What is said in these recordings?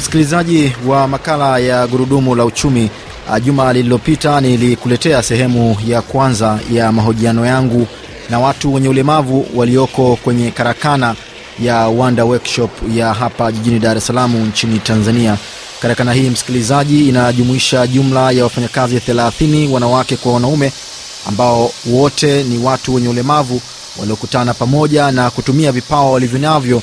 msikilizaji wa makala ya gurudumu la uchumi. Ah, juma lililopita nilikuletea sehemu ya kwanza ya mahojiano yangu na watu wenye ulemavu walioko kwenye karakana ya Wanda Workshop ya hapa jijini Dar es salamu nchini Tanzania. Karakana hii msikilizaji, inajumuisha jumla ya wafanyakazi 30 wanawake kwa wanaume, ambao wote ni watu wenye ulemavu waliokutana pamoja na kutumia vipawa walivyonavyo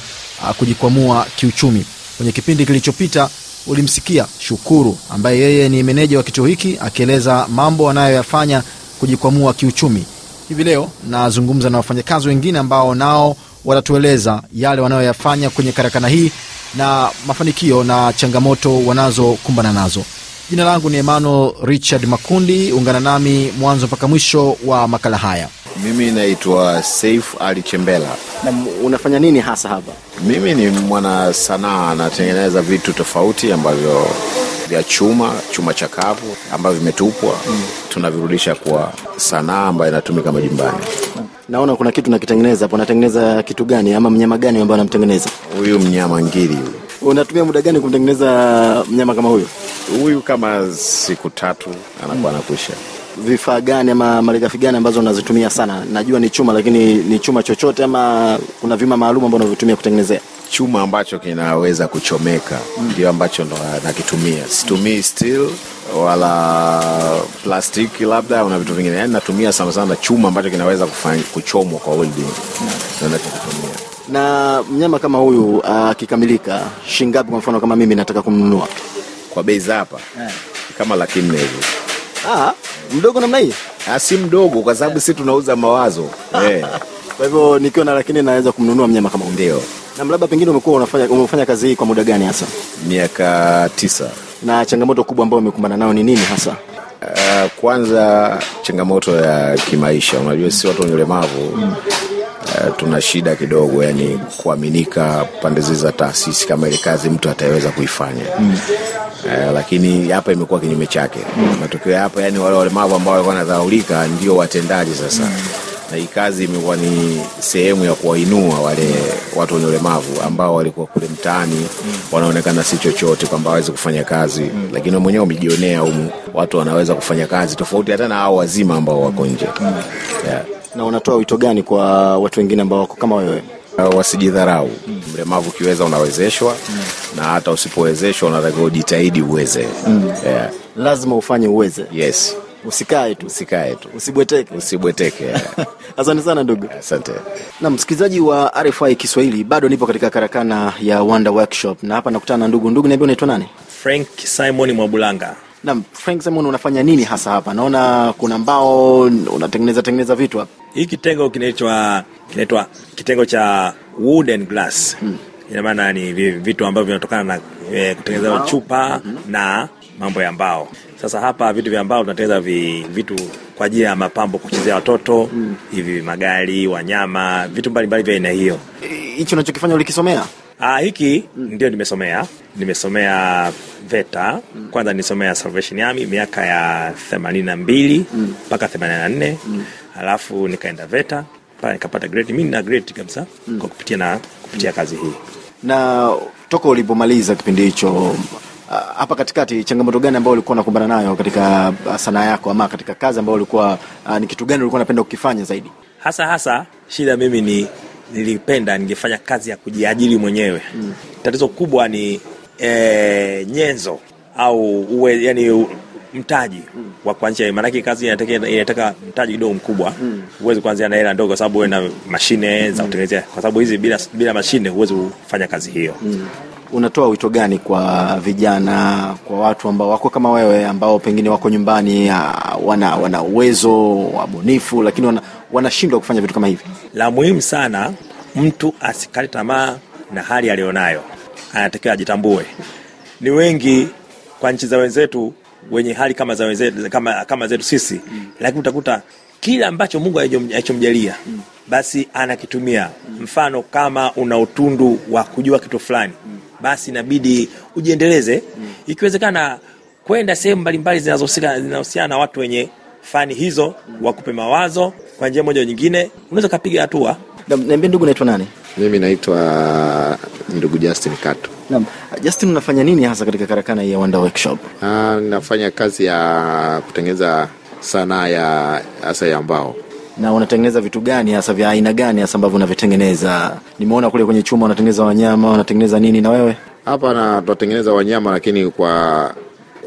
ah, kujikwamua kiuchumi. Kwenye kipindi kilichopita ulimsikia Shukuru ambaye yeye ni meneja wa kituo hiki akieleza mambo anayoyafanya kujikwamua kiuchumi. Hivi leo nazungumza na wafanyakazi wengine ambao nao watatueleza yale wanayoyafanya kwenye karakana hii na mafanikio na changamoto wanazokumbana nazo. Jina langu ni Emmanuel Richard Makundi, ungana nami mwanzo mpaka mwisho wa makala haya. Mimi naitwa Saif Ali Chembela. Na unafanya nini hasa hapa? Mimi ni mwana sanaa, natengeneza vitu tofauti ambavyo vya chuma, chuma chakavu ambavyo vimetupwa mm. Tunavirudisha kwa sanaa ambayo inatumika majumbani. Naona kuna kitu nakitengeneza hapo. natengeneza kitu gani ama mnyama gani ambayo anamtengeneza Huyu mnyama ngiri huyu. Unatumia muda gani kumtengeneza mnyama kama huyu? Huyu kama siku tatu anakuwa mm vifaa gani ama malighafi gani ambazo unazitumia sana? Najua ni chuma, lakini ni chuma chochote ama kuna vyuma maalum ambao unavitumia kutengenezea? Chuma ambacho kinaweza kuchomeka mm. ndio ambacho ndo nakitumia. Situmii steel wala plastiki labda una vitu vingine, yaani natumia sana sana chuma ambacho kinaweza kufanya kuchomwa kwa welding mm. na mnyama kama huyu ah, akikamilika, uh, shingapi? Kwa mfano kama mimi nataka kumnunua kwa bei za hapa yeah, kama laki nne hivi Ah, mdogo namna hii? Ah, si mdogo kwa sababu sisi tunauza mawazo. Eh. Kwa hivyo nikiwa na lakini naweza kumnunua mnyama kama ndio. Na labda pengine umekuwa unafanya umefanya kazi hii kwa muda gani hasa? Miaka tisa. Na changamoto kubwa ambayo umekumbana nayo ni nini hasa? Uh, kwanza changamoto ya kimaisha. Unajua si watu wenye ulemavu mm Eh, tuna shida kidogo, yani kuaminika pande zile za taasisi kama ile kazi mtu ataweza kuifanya mm. Uh, lakini hapa imekuwa kinyume chake mm. Matokeo hapa yani wale walemavu ambao walikuwa wanadhaulika ndio watendaji sasa mm na hii kazi imekuwa ni sehemu ya kuwainua wale watu wenye ulemavu ambao walikuwa kule mtaani mm. wanaonekana si chochote kwamba hawezi kufanya kazi, mm. lakini mwenyewe umejionea humu watu wanaweza kufanya kazi tofauti hata na hao wazima ambao wako nje mm. yeah. Na unatoa wito gani kwa watu wengine ambao wako kama wewe? Wasijidharau. mm. Mlemavu ukiweza unawezeshwa. mm. na hata usipowezeshwa unatakiwa ujitahidi uweze. mm. yeah. Lazima ufanye uweze. Yes. Usikae tu, usikae tu, usibweteke, usibweteke. Asante sana ndugu. Asante na msikilizaji wa RFI Kiswahili, bado nipo katika karakana ya wanda Workshop na hapa nakutana na ndugu. Ndugu, niambia unaitwa nani? Frank Simon Mwabulanga. Naam, Frank Simon unafanya nini hasa hapa? Naona kuna mbao unatengeneza tengeneza vitu hapa. Hii kitengo kinaitwa kinaitwa kitengo cha wood and glass. Hmm. Ina maana ni vitu ambavyo vinatokana na e, kutengeneza chupa mm -hmm. na mambo ya mbao. Sasa hapa vitu vya mbao tunatengeneza vi, vitu kwa ajili ya mapambo, kuchezea watoto mm. hivi magari, wanyama, vitu mbalimbali vya aina hiyo. Hicho unachokifanya ulikisomea? Ah, hiki mm. ndio nimesomea. Nimesomea VETA mm. Kwanza nisomea Salvation Army miaka ya 82 mpaka mm. 84 mm. Alafu nikaenda VETA pale nikapata grade, mimi na grade kabisa mm. kwa kupitia na kupitia mm. kazi hii. Na toka ulipomaliza kipindi hicho uh, hapa katikati, changamoto gani ambayo ulikuwa unakumbana nayo katika uh, sanaa yako ama katika kazi ambayo ulikuwa uh, ni kitu gani ulikuwa unapenda kukifanya zaidi? Hasa hasa shida mimi ni nilipenda ningefanya kazi ya kujiajiri mwenyewe mm. Tatizo kubwa ni e, nyenzo au uwe, yani mtaji mm. wa kuanzia, maanake kazi inataka, inataka mtaji kidogo mkubwa mm. Huwezi kuanzia na hela ndogo, kwa sababu uwe na mashine mm. za kutengenezea, kwa sababu hizi bila, bila mashine huwezi kufanya kazi hiyo mm. Unatoa wito gani kwa vijana, kwa watu ambao wako kama wewe, ambao pengine wako nyumbani, ah, wana wana uwezo wabunifu, lakini wanashindwa wana kufanya vitu kama hivi? La muhimu sana, mtu asikate tamaa na hali aliyonayo anatakiwa ajitambue. Ni wengi kwa nchi za wenzetu wenye hali kama za wenzetu, kama, kama zetu sisi mm. Lakini utakuta kile ambacho Mungu alichomjalia mm. basi anakitumia mm. Mfano, kama una utundu wa kujua kitu fulani mm. basi inabidi ujiendeleze mm. ikiwezekana kwenda sehemu mbalimbali zinazohusiana na watu wenye fani hizo, mm. wakupe mawazo kwa njia moja nyingine, unaweza ukapiga hatua. Niambie ndugu, naitwa nani? Mimi naitwa ndugu Justin Kato. Naam. Justin, unafanya nini hasa katika karakana ya Wanda Workshop? Ah, nafanya kazi ya kutengeneza sanaa ya hasa ya mbao. Na unatengeneza vitu gani hasa vya aina gani hasa ambavyo unavitengeneza? Nimeona kule kwenye chuma unatengeneza wanyama, unatengeneza nini na wewe? Hapa na tunatengeneza wanyama lakini kwa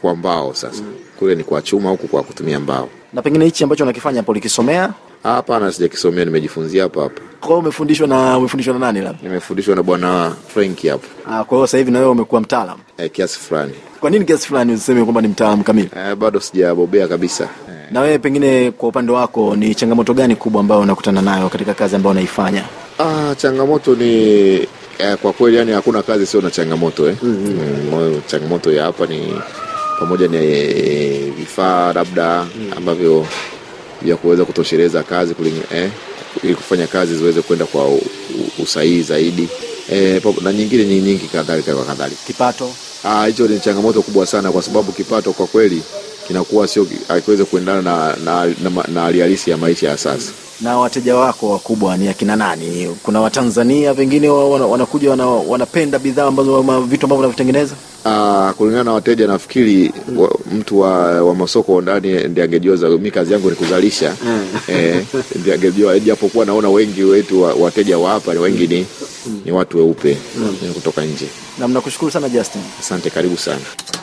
kwa mbao sasa. Mm. Kule ni kwa chuma huku kwa kutumia mbao. Na pengine hichi ambacho unakifanya hapo ulikisomea? Hapana, sijakisomea, nimejifunzia hapa hapa. Kwa hiyo umefundishwa na umefundishwa na nani labda? Nimefundishwa na bwana Frank hapo. Ah, kwa hiyo sasa hivi na wewe umekuwa mtaalamu? Eh, kiasi fulani. Kwa nini kiasi fulani useme kwamba ni mtaalamu kamili? Eh, bado sijabobea kabisa. Eh. Na wewe pengine kwa upande wako ni changamoto gani kubwa ambayo unakutana nayo katika kazi ambayo unaifanya? Ah, changamoto ni eh, kwa kweli yani hakuna kazi sio na changamoto eh. Mm-hmm. Mm, changamoto ya hapa ni pamoja na eh, vifaa labda mm. ambavyo vya kuweza kutosheleza kazi kuling, eh, ili kufanya kazi ziweze kwenda kwa usahihi zaidi e, na nyingine nyingi nyingi kadhalika kwa kadhalika. Kipato ah, hicho ni changamoto kubwa sana, kwa sababu kipato kwa kweli kinakuwa sio akiweze kuendana na, na, na, na na halisi ya maisha ya sasa na wateja wako wakubwa ni akina nani? Kuna Watanzania pengine wanakuja wana, wanapenda bidhaa ambazo vitu ambavyo wanavitengeneza? Uh, kulingana na wateja nafikiri wa, mtu wa, wa masoko ndani ndiye angejua za mimi kazi yangu ni kuzalisha mm. eh, ndiye angejua, japokuwa naona wengi wetu wa, wateja wa hapa ni wengi ni, mm. ni watu weupe mm. kutoka nje. Na mnakushukuru sana Justin, asante, karibu sana.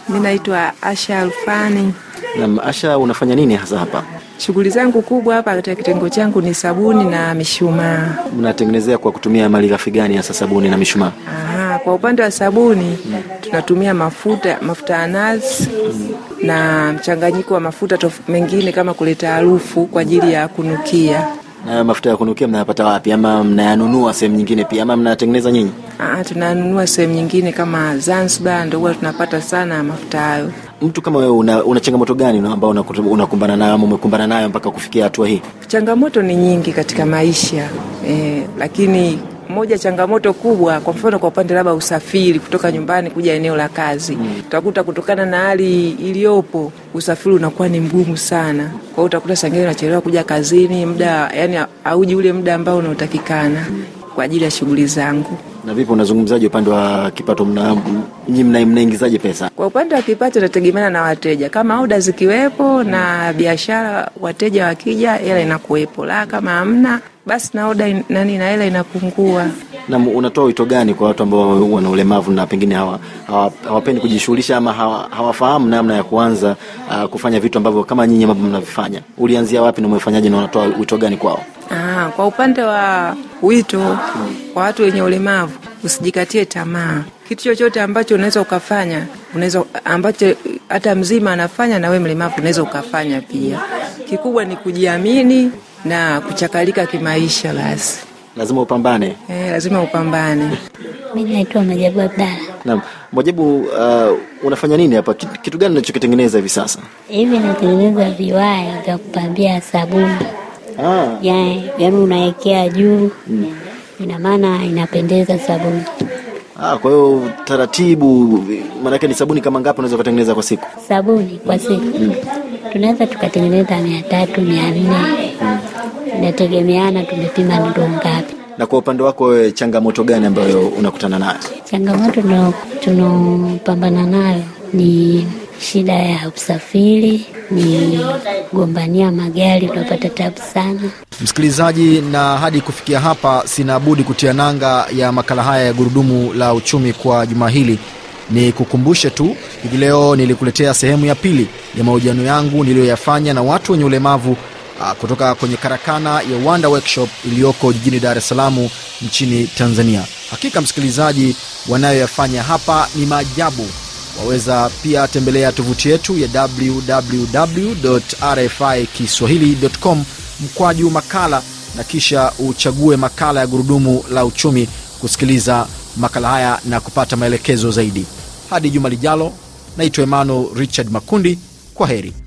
Mimi naitwa Asha Alfani. Na Asha, unafanya nini hasa hapa? Shughuli zangu kubwa hapa katika kitengo changu ni sabuni na mishumaa. Mnatengenezea kwa kutumia malighafi gani hasa sabuni na mishumaa? Ah, kwa upande wa sabuni tunatumia mafuta mafuta ya nazi na mchanganyiko wa mafuta tof, mengine kama kuleta harufu kwa ajili ya kunukia. Na mafuta ya kunukia mnayapata wapi, ama mnayanunua sehemu nyingine pia, ama mnayatengeneza nyinyi? Ah, tunanunua sehemu nyingine kama Zanzibar, ndo huwa tunapata sana mafuta hayo. Mtu kama wewe una, una changamoto gani ambao unakumbana nayo ama umekumbana nayo mpaka kufikia hatua hii? Changamoto ni nyingi katika maisha eh, lakini moja changamoto kubwa, kwa mfano, kwa upande labda usafiri kutoka nyumbani kuja eneo la kazi mm. Utakuta kutokana na hali iliyopo usafiri unakuwa ni mgumu sana, kwa hiyo utakuta sangine unachelewa kuja kazini muda, yani auji ule muda ambao unaotakikana kwa ajili ya shughuli zangu. Na vipi, unazungumzaje upande wa kipato? Nyinyi mnaingizaje pesa? Kwa upande wa kipato, inategemeana na wateja. Kama oda zikiwepo na biashara, wateja wakija, hela inakuwepo, la kama hamna basi na oda in, nani na hela inapungua. Na unatoa wito gani kwa watu ambao wana ulemavu na pengine hawa, hawa, hawapendi kujishughulisha ama hawa, hawafahamu namna ya kuanza uh, kufanya vitu ambavyo kama nyinyi ambavyo mnavifanya? Ulianzia wapi na umefanyaje na unatoa wito gani kwao? Aa, ah, kwa upande wa wito kwa watu wenye ulemavu usijikatie tamaa. Kitu chochote ambacho unaweza ukafanya, unaweza ambacho hata mzima anafanya na wewe mlemavu unaweza ukafanya pia. Kikubwa ni kujiamini na kuchakalika kimaisha, basi lazima upambane eh, lazima upambane. Mimi naitwa Majabu Abdalla. Naam, Majabu, uh, unafanya nini hapa? Kitu gani unachokitengeneza hivi sasa hivi? Natengeneza viwaya vya kupambia sabuni. Ah. yaani unawekea juu mm. Ina maana inapendeza sabuni. Ah, kwa hiyo taratibu, maanake ni sabuni kama ngapi unaweza kutengeneza kwa siku? Sabuni kwa siku mm. tunaweza tukatengeneza mia tatu mia nne inategemeana tumepima ndo ngapi. Na kwa upande wako wewe, changamoto gani ambayo unakutana nayo? Changamoto tunapambana nayo ni shida ya usafiri, ni gombania magari, tunapata tabu sana. Msikilizaji, na hadi kufikia hapa, sina budi kutia nanga ya makala haya ya Gurudumu la Uchumi kwa juma hili. Ni kukumbushe tu hivi leo nilikuletea sehemu ya pili ya mahojiano yangu niliyoyafanya na watu wenye ulemavu Ah, kutoka kwenye karakana ya Wanda Workshop iliyoko jijini Dar es salamu nchini Tanzania. Hakika msikilizaji, wanayoyafanya hapa ni maajabu. Waweza pia tembelea tovuti yetu ya kiswahilicom mkwaju makala na kisha uchague makala ya gurudumu la uchumi kusikiliza makala haya na kupata maelekezo zaidi. Hadi juma lijalo, naitwa Emmanuel Richard Makundi. Kwa heri.